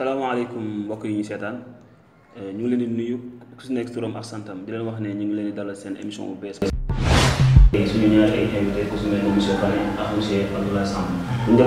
salaamaaleykum mbokk yi ñu seetaan euh, ñu ngi leen di nuyu ku si nekk turam ak santam di leen wax ne ñu ngi leen di dalal seen émission bu bees. suñu ñaari ay invité ku si mel ne monsieur Kane ak monsieur Abdoulaye Samb ñu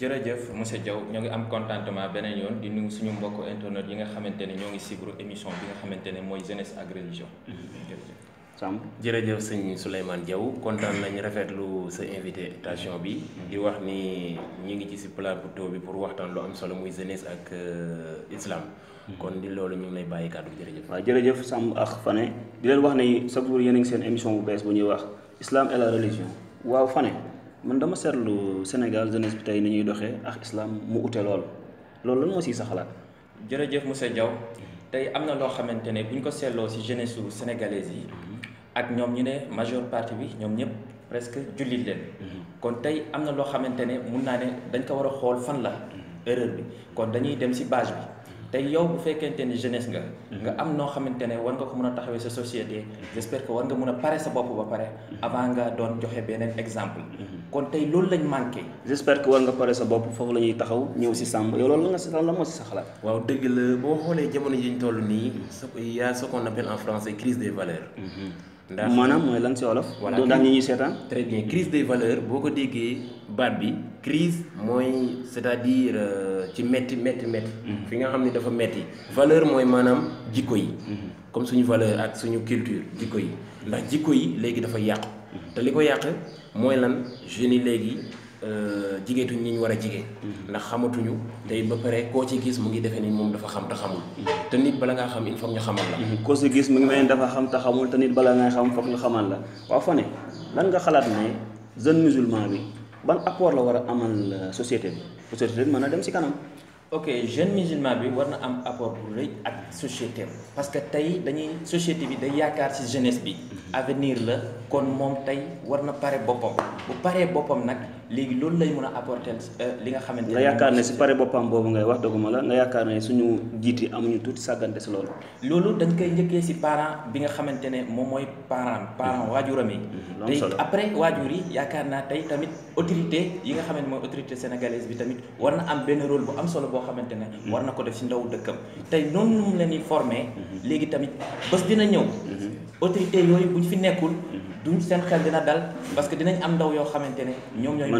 jërëjëf monsieur Diaw ñoo ngi am contentement beneen yoon di nu suñu mbokk internet yi nga xamante ne ñoo ngi suivre émission bi nga xamante ne mooy jeunesse ak religion. Mm-hmm. jërëjëf. sàmm jërëjëf sëñ Souleymane Diaw kontaan nañ rafetlu sa invitation bi. Mm-hmm. di wax ni ñu ngi ci si plateau bi pour waxtaan lu am solo muy jeunesse ak euh, islam. Mm-hmm. kon di loolu ñu ngi lay bàyyi kàddu jërëjëf. waaw jërëjëf Samb ak Fane di leen wax ne sa jour yéen a seen émission bu bees bu ñuy wax islam et la religion waaw Fane man dama seetlu Sénégal jeunesse bi tey ni ñuy doxee ak islam mu ute lool loolu lan moo siy sa xalaat. jërëjëf monsieur Diaw tey am na loo xamante ne bu ñu ko seetloo si jeunesse su sénégalaise yi. Mm-hmm. ak ñoom ñu ne majeure partie bi ñoom ñëpp presque jullit leen mhm. kon tey am na loo xamante ne mun naa ne dañ ko war a xool fan la mhm. erreur bi kon dañuy dem ci base bi mhm. tey yow bu fekkente ni jeunesse nga nga am noo xamante ne war nga ko mën a taxawee sa société j'espère que war nga mën a pare sa bopp ba pare avant nga doon joxe beneen exemple kon tey loolu lañ manqué j'espère que war nga pare sa bopp foofu la ñuy taxaw ñëw si sàmm yow loolu la nga si lan la moo si sa xalaat waaw dëgg la boo xoolee jamono yi ñu toll nii il y a ce qu'on appelle en français crise des valeurs Madame, maanaam mooy lan si très bien crise des valeurs beaucoup ko Barbie. bi crise mooy c'est-à-dire euh, ci métti métti métti. Mhm. fi nga xam dafa valeur mooy maanaam jikko yi. Mhm. comme suñu valeur ak suñu culture La yi ndax yi Euh, jigé ñi ñu wara jigé jigéen mm-hmm. ndax xamatuñu da ba pare ko ci gis mu ngi defee ni moom dafa xam ta xamul mm-hmm. te nit bala nga xam il faut ñu xamal la mm-hmm. ko ci gis mu ngi mel dafa xam ta xamul te nit bala nga xam foog ñu xamal la wa lan nga ne jeune musulman bi ban apport la wara amal euh, société bi société bi mën dem si kanam ok jeune musulman bi warna am apport bu rëy ak société parce que tay dañuy société bi day yakar si jeunesse bi avenir la kon mom tay warna paré pare bu paré bopom nak légui loolu lay mën a apporter euh, li nga xamante nga yaakaar ne si pare boppam boobu ngay wax doguma la nga yaakaar ne suñu jiiti amuñu tuuti sàggante si loolu loolu dañ koy njëkkee si parent bi nga xamante ne moom mooy parent parent mm-hmm. waajuram yi mm-hmm. tey après waajur yi yaakaar naa tey tamit autorité yi nga xamante mooy autorité sénégalaise bi tamit war na am benn rôle bu am solo boo xamante ne mm-hmm. war na ko def si ndaw dëkkam tey noonu mu leen formé léegi tamit bés dina ñëw autorité yooyu buñ fi nekkul duñ seen xel dina dal parce que dinañ am ndaw yoo xamante ne ñoom ñooy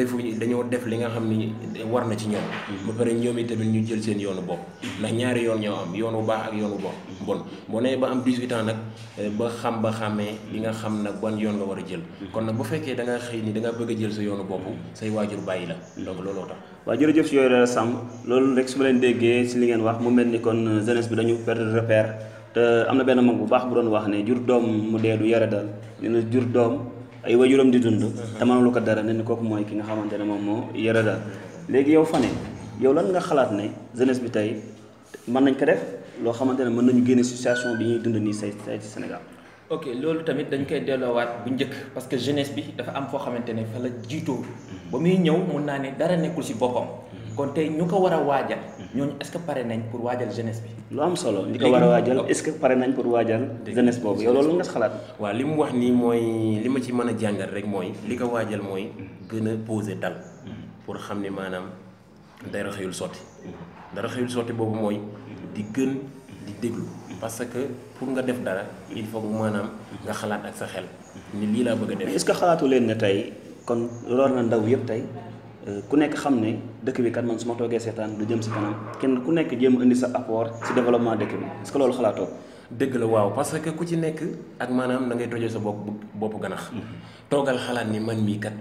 defuñu dañoo def li nga xam ni war na ci ñoom. Mm-hmm. ba pare ñoom itamit ñu jël seen yoonu bopp. ndax ñaari yoon ñoo am yoonu baax ak yoonu bopp mm-hmm. bon boo nee ba am 18 ans nag eh, ba xam ba xàmmee li nga xam nag ban yoon nga war a jël. Mm-hmm. kon nag bu fekkee da nga xëy ni da nga bëgg a jël sa yoonu bopp say waajur bàyyi la donc looloo tax. waaw jërëjëf si yooyu Samb loolu rek su ma leen déggee si li ngeen wax mu mel ni kon euh, jeunesse bi dañu perdre repère te am na benn mag bu baax bu doon wax ne jur doom mu dee du yore dal nee na doom. ay wajuram di dund te mënalu ko dara ne ni kooku mooy ki nga xamante ne moom moo yëre daal léegi yow fane yow lan nga xalaat ne jeunesse bi tey mën nañ ko def loo xamante ne mën nañu génne situation bi ñuy dund nii say say ci Sénégal ok loolu tamit dañ koy delloowaat bu njëkk parce que jeunesse bi dafa am foo xamante ne fa la jiitoo ba muy ñëw mun naa ne dara nekkul si boppam mm-hmm. kon tey ñu ko war a waajal ñooñu est pare nañ pour waajal genes bi. lu am solo li ko war waajal est-ce que pare nañ pour waajal. jeunesse boobu yow loolu nga xalaat. waa li mu wax nii mooy li ma ci mën a jàngal rek mooy li ko waajal mooy gën a poser dal pour xam ne maanaam dara xëyul sotti dara xëyul sotti boobu mooy di gën di déglu parce que pour nga def dara il faut maanaam nga xalaat ak sa xel ni lii laa bëgg a def. est-ce que xalaatu leen ne tey kon lor na ndaw yëpp tey. ku nekk xam ne dëkk bi kat man su ma toogee seetaan lu jëm si kanam kenn ku nekk jéem indi sa apport si développement dëkk bi est-ce dëgg la waaw parce que ku ci nekk ak maanaam da ngay tojee sa bopp boppu ganax mhm. toogal xalaat ni man mii kat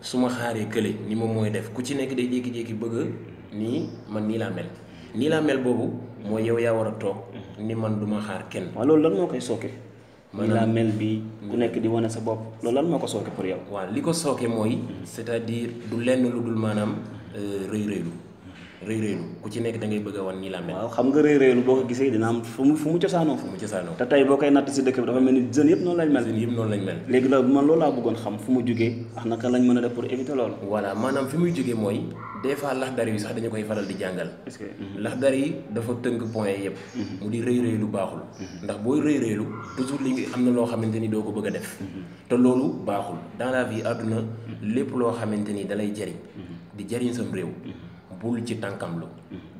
su ma xaaree kële ni moom mooy def ku ci nekk day jékki-jékki bëgg nii man nii laa mel nii laa mel boobu mooy yow yaa war a toog mhm. ni man du ma xaar kenn. waaw loolu lan moo koy sooke. nii laa mel bi ku mm. nekk di wane sa bopp loolu lan moo ko sooke pour yow. waaw li ko sooke mooy. cest à diir du lenn lu dul maanaam euh, rëy rëylu rëy-rëylu ku ci nekk dangay ngay bëgg a wan nii la mel. waaw xam nga rëy-rëylu boo ko gisee dina am fu mu fu mu cosaanoo. fu mu cosaanoo te tey boo koy natt si dëkk bi dafa mel ni jeunes yëpp noonu lañ mel. jeunes yëpp noonu lañ mel. léegi loolu man loolu laa bëggoon xam fu mu jógee ak naka lañ mën a def pour éviter loolu. voilà maanaam fi muy jógee mooy des fois laxdar yi sax dañu koy faral di jàngal. est-ce que mhm. laxdar yi dafa tënk point yëpp. Mhm. mu di rëy-rëylu baaxul. Mhm. ndax booy rëy-rëylu toujours li am na loo xamante ni doo bëgg a def. te loolu baaxul dans la vie lépp loo xamante ni dalay jariñ di jariñ sam réew bul ci tànkamlu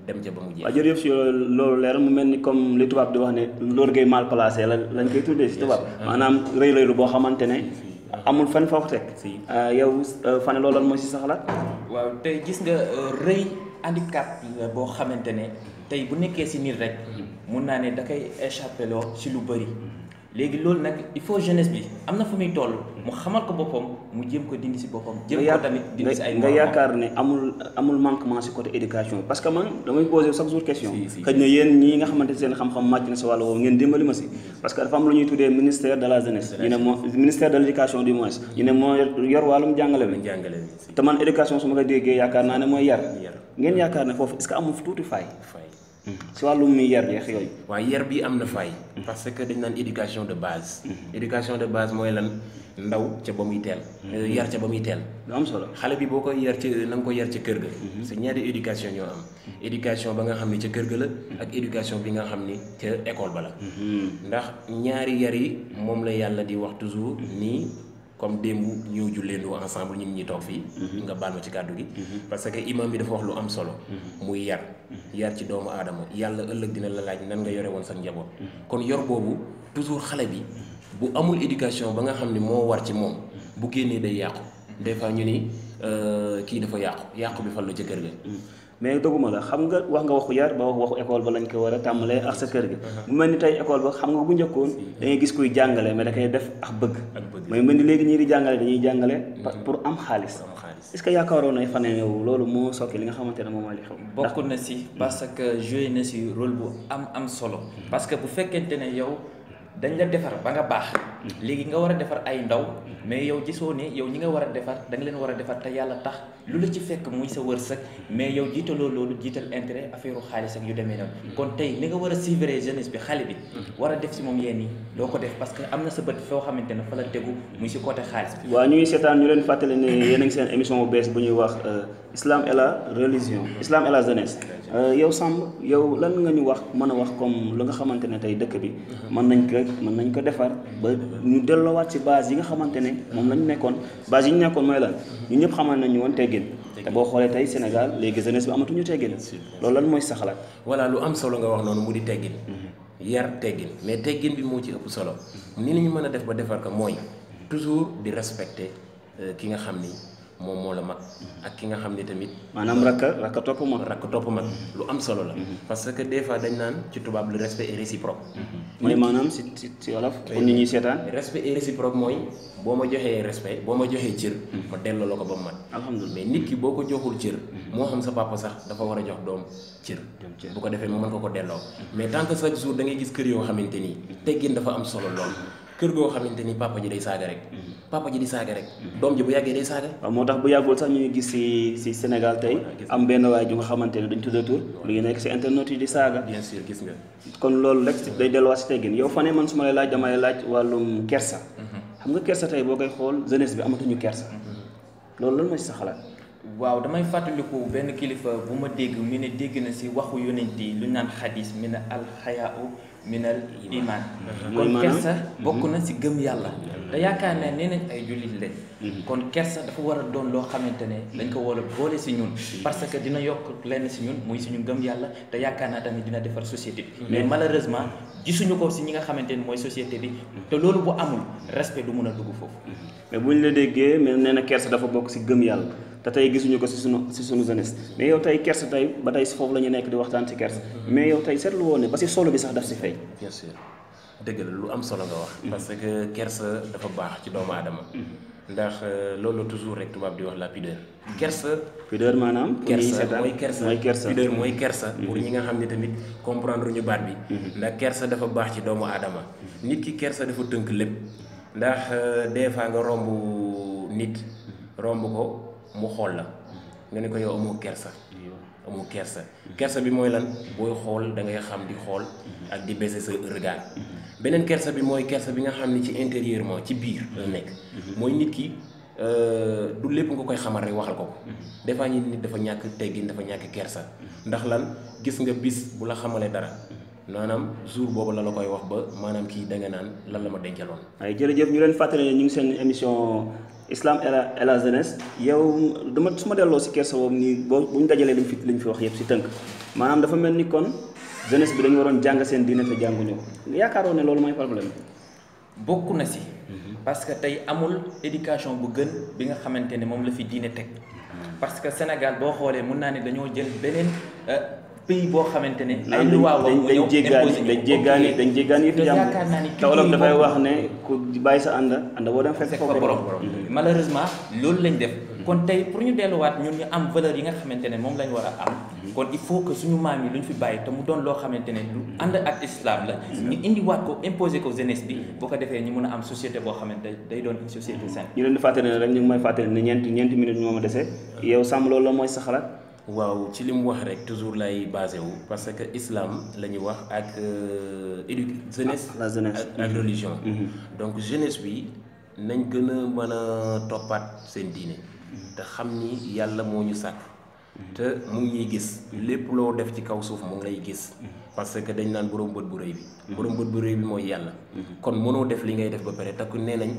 dem ca ba mu jeex. waaw jërëjëf si loolu leer mu mel ni comme li tubaab di wax ne l'orgueil mal placé la lañ koy tuddee si tubaab ah. maanaam rëy rëylu boo xamante ne amul fan foo ko teg ah, yow euh, fan loolu moo si saxla waaw tey gis nga euh, rëy handicap boo xamante ne tey bu nekkee si nit rek hmm. mun naa ne da koy échappé loo si lu bëri léegi loolu nag il faut jeunesse bi am na fu muy toll mu xamal ko boppam mu jéem ko dindi si boppam jéem ko tamit dindi si nga yaakaar ne amul amul manquement si côté éducation parce que man damay posé chaque jour question xëy na yéen ñi nga xamante seen xam-xam màcc na si wàll woowu ngeen dimbali ma si parce que dafa am lu tuddee ministère de la jeunesse ñu ne moo ministère de l' éducation du moins ñu ne moo yor wàllum jàngale bi te man éducation su ma ko déggee yaakaar naa ne mooy yar ngeen yaakaar ne foofu est Mm-hmm. si wàllum yar yooyu. waaw yar bi am na fay. parce que dañ naan éducation de base. Mm-hmm. éducation de base mooy lan ndaw ca ba muy teel. Mm-hmm. yar ca ba muy teel. lu solo xale bi boo koy yar ci na nga ko yar ca kër ga. sa ñaari éducation ñoo am. éducation ba nga xam ni ca kër ga la. ak éducation bi nga xam ni ca école ba la. ndax ñaari yar yi moom la yàlla di wax toujours nii. comme démb ñëw julleendoo ensemble ñun ñi toog fii. Mhm. nga baal ma ci kàddu gi. Mhm. parce que imam bi dafa wax lu am solo. Mhm. muy yar. yar ci doomu aadama yàlla ëllëg dina la laaj nan nga yore woon sa njaboot. kon yor boobu toujours xale bi bu amul éducation ba nga xam ne moo war ci moom. bu génnee day yàqu des fois ñu ni euh, kii dafa yàqu yàqu bi fan la jëkkër kër ga. mais doguma la xam nga wax nga waxu yar ba wax waxu école ba lañ ko war a tàmmalee ak sa kër gi uh-huh. mu mel ni tey école ba xam nga bu njëkkoon da ngay gis kuy jàngale mais da koy def ak bëgg mais mel ni léegi ñii jàngale dañuy jàngale mm-hmm. pour am xaalis est-ce que yaakaaroon na fan yow loolu ne moom moo li xew na si mm-hmm. parce que joué na si rôle bu am am solo mm-hmm. parce que bu fekkente ne yow dañ la defar ba nga baax léegi nga war a defar ay ndaw mais yow gisoo ne yow ñi nga war a defar da leen war a defar te yàlla tax lu la ci fekk muy sa wërsëg mais yow jiitaloo loolu jiital intérêt affaire xaalis yu demee noonu. Mm-hmm. a suivre jeunesse bi xale bi. Mm-hmm. war a def si ko def parce que am na sa bët foo xamante ne fa la tegu muy si côté xaalis bi. waaw ñuy seetaan ñu leen fàttali ne yéen a ngi seen émission bu bees bu ñuy wax euh, islam et la religion mm-hmm. islam et la jeunesse. Euh, yow Samb yow lan nga ñu wax mën a wax comme lu nga xamante ne tey dëkk bi. man nañ ko mën nañ ko defar ba ñu delloowaat si base yi nga xamante ne moom la nekkoon base yi ñu nekkoon mooy te boo xoolee tey Sénégal léegi jeunesse bi amatuñu teggin loolu lan mooy sa xalaat voilà lu am solo nga wax noonu mu di teggin mhm. yar teggin mais teggin bi moo ci ëpp solo ni la ñu mën a def ba defar ko mooy toujours di respecter euh, ki nga xam ni moom moo la mag ak ki nga xam ne tamit. maanaam rakka rakka topp mag. rakka topp mag lu am solo la. Mhm. parce que des fois dañ naan ci tubaab le respect est réciproque. Mhm. mooy maanaam si si si wolof. pour nit ñi seetaan. mooy boo ma joxee respect boo ma joxee cër. ma mhm. delloo la ko ba mu mat. alhamdulilah mais nit ki boo ko joxul cër. moo xam sa papa sax dafa war a jox doom cër. bu ko defee mu mën ko ko delloo. mais tant que chaque jour da gis kër yoo xamante ni teggin dafa am solo lool. kër go xamanteni papa ji day saga rek. Mhm. papa ji di saga rek. Mhm. dom ji bu yagge day saga waaw moo bu yagul sax ñu ngi gis si si Sénégal tay am benn way ju nga xamanteni dañ duñ tour lu ngi nek ci internet yi di saga bien sûr gis nga. kon lool rek day delluwaat ci teggine yow fane man suma lay laaj lay laaj walum kersa. Mhm. xam nga kersa tay boo koy xool jeunesse bi ñu kersa. lool lool ma ci xalaat. waaw damay fàttaliku benn kilifa bu ma dégg mu ne dégg na si waxu yonent lu xadis mi ne minal iman kon kersa mhm. bokk na si gëm yàlla te yaakaar ne nee nañ ay jullit lañ mhm. kon kersa dafa war a doon loo xamante ne dañ ko war a boole ci ñun mhm. parce que dina yokk lenn si ñun muy ñu gëm yàlla te yaakaar naa tamit dina defar société bi mais malheureusement gisuñu ko si ñi nga xamante ne mooy société bi te loolu bu amul respect du mun a dugg foofu mais bu ñu la déggee mais nee na kersa dafa bokk si gëm yàlla te tey gisuñu ko ci sunu ci sunu jeunesse mais yow tey kersa bi sax daf ci feeñ bien sûr dëgg lu am solo nga wax. Mm-hmm. parce que kersa dafa baax ci doomu aadama. Mm-hmm. ndax euh, loolu toujours rek tubaab di wax la pideur mm-hmm. kersa. pideur maanaam. kersa mooy kersa mooy kersa pudeur mooy kersa. pour ñi nga xam ne tamit comprendre ñu baat bi. ndax kersa dafa baax ci doomu aadama. nit ki kersa dafa tënk lépp. ndax euh, des fois nga romb nit. romb ko mu xool la. nga ne ko yow amoo kersa. amul kersa kersa bi mooy lan booy xool da ngay xam di xool ak di baisser sa regard beneen kersa bi mooy kersa bi nga xam ni ci intérieurement ci biir la nekk mooy nit ki euh, du lépp nga koy xamal rek waxal ko ko des fois ñi dafa ñàkk teggin dafa ñàkk kersa ndax lan gis nga bis bu la xamalee dara maanaam jour boobu la la koy wax ba maanaam kii da nga naan lan la ma dencaloon. waaye ñu leen fàttali ne ñu ngi seen émission islam et la jeunesse yow dama su ma delloo si kersa boobu nii boo bu ñu dajalee lañ fi lañ fi wax yëpp si tënk maanaam dafa mel ni kon jeunesse bi dañu waroon jàng seen diine te jànguñu ko yaakaaroo ne loolu mooy problème bokku na si. Mhm. parce que tey amul éducation bu gën bi nga xamante ne moom la fi diine teg. Mhm. parce que Sénégal boo xoolee mun naa ne dañoo jël beneen. Euh, pays boo xamante ne. ay luwa wax mu ñëw imposé dañ jéggaani dañ jéggaani yëpp jàmm te olof dafay wax ne ku bàyyi sa ànd ànd boo dem fekk fa borom mm-hmm. malheureusement loolu lañ def. Mm-hmm. kon tey pour ñu delluwaat ñun ñu am valeur yi nga xamante ne moom lañ war a am. Mm-hmm. kon il faut que suñu maam yi lu ñu fi bàyyi te mu doon loo xamante ne lu ànd ak islam la. ñu indiwaat ko impose ko jeunesse bi. boo ko defee ñi mun a am société boo xamante day doon société saine. ñu leen di fàttali ne rek ñu ngi may fàttali ne ñeenti ñeenti minutes ñoo mooy sa waaw ci li wax rek toujours lay basé wu parce que islam la ñuy wax ak euh, jeunesse ah, la jeunesse ak religion mm-hmm. Mm-hmm. donc jeunesse bi nañ gën a mën a toppaat seen diine mm-hmm. te xam ni yàlla moo ñu sàkk te mu ngi ñuy gis lépp loo def ci kaw suuf mu ngi gis parce que dañ naan borom bët bu rëy bi borom bët bu rëy bi mooy yàlla kon mënoo def li ngay def ba pare takku nee nañ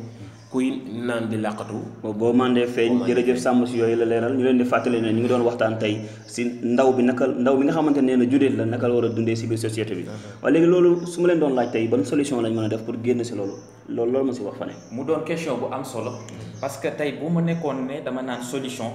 kuy naan di làqatu boo mandee feeñ jërëjëf sàmm si yooyu la leeral ñu leen di fàttali ne ñu ngi doon waxtaan tey si ndaw bi naka ndaw bi nga xamante nee na judeet la naka la war a dundee si biir société bi waaye léegi loolu su ma leen doon laaj tey ban solution lañ mën a def pour génn si loolu loolu loolu ma si wax fa ne mu doon question bu am solo parce que tey bu ma nekkoon ne dama naan solution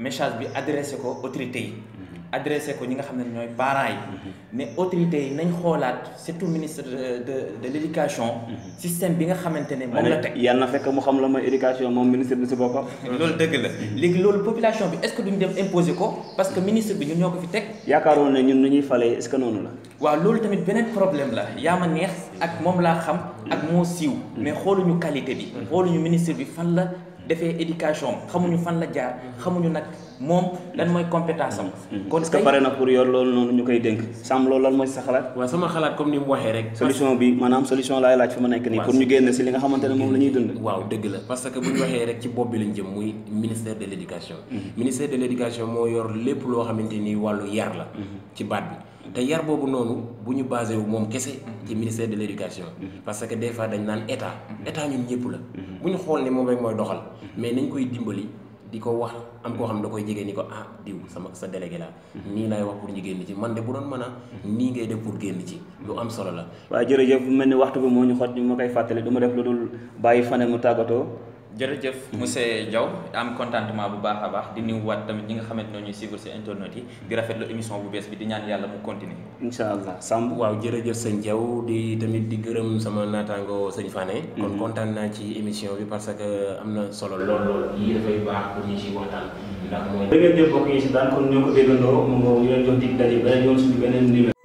message bi adressé ko autorité yi mhm. adressé ko ñi nga xam ne ñooy parents yi mhm. mais autorité yi nañ xoolaat surtout ministre de de l' éducation mhm. système bi nga xamante ne moom la teg yal na fekk mu xam la mooy éducation moom ministre bi si boppam loolu dëgg la léegi loolu population bi est ce que duñ dem imposer ko parce que ministre bi ñun ñoo ko fi teg yaakaaroon ne ñun nu ñuy falee est ce que noonu la waaw loolu tamit beneen problème la yaa ma neex ak moom laa xam ak moo siiw mais xooluñu qualité bi xooluñu ministre bi fan la defee éducation xamuñu fan la jaar xamuñu nag moom lan mooy compétence am kon est-ce na pour yor loolu noonu ñu koy dénk Sam loolu lan mooy sama xalaat comme ni mu waxee rek bi maanaam solution laay laaj fi ma nekk nii li nga xamante ne moom la ñuy dund waaw dëgg la parce que bu ñu waxee rek ci bopp bi lañ jëm muy ministère de l'éducation mhm. ministère de moo yor lépp loo xamante ni wàllu yar la mhm. ci baat bi te yar boobu noonu bu ñu basé wu moom kese ci ministère de l' éducation mhm. parce que des fois dañ naan état mhm. état ñun ñëpp la mhm. bu ñu xool ne moom rek mooy doxal mais nañ koy dimbali di ko wax am koo xam ne da koy jege ni ko ah diw sama sa délégué la nii laay wax pour ñu génn ci man de bu doon man a nii ngay def pour génn ci lu am solo la waaw jërëjëf bu mel ni waxtu bi moo ñu xot ñu ma koy fàttali du def lu dul bàyyi fane mu tàggatoo jërëjëf mhm. monsieur Diaw am contentement bu baax a baax di nuyuwaat tamit ñi nga xamante ne ñuy suivre ci internet yi di rafetlu émission bu bees bi di ñaan yàlla mu continuer incha allah Samb waaw jërëjëf sëñ Diaw di tamit di gërëm sama naataangoo sëñ Fane. Mhm. kon kontaan naa ci émission bi parce que am na solo lool lool yii dafay baax pour ñu ci waxtaan. Mhm. ndax mooy. dëgg-dëgg bokk yi ci daan kon ñoo ko déggandoo mu ngi leen jox dig daje beneen yoon suñu beneen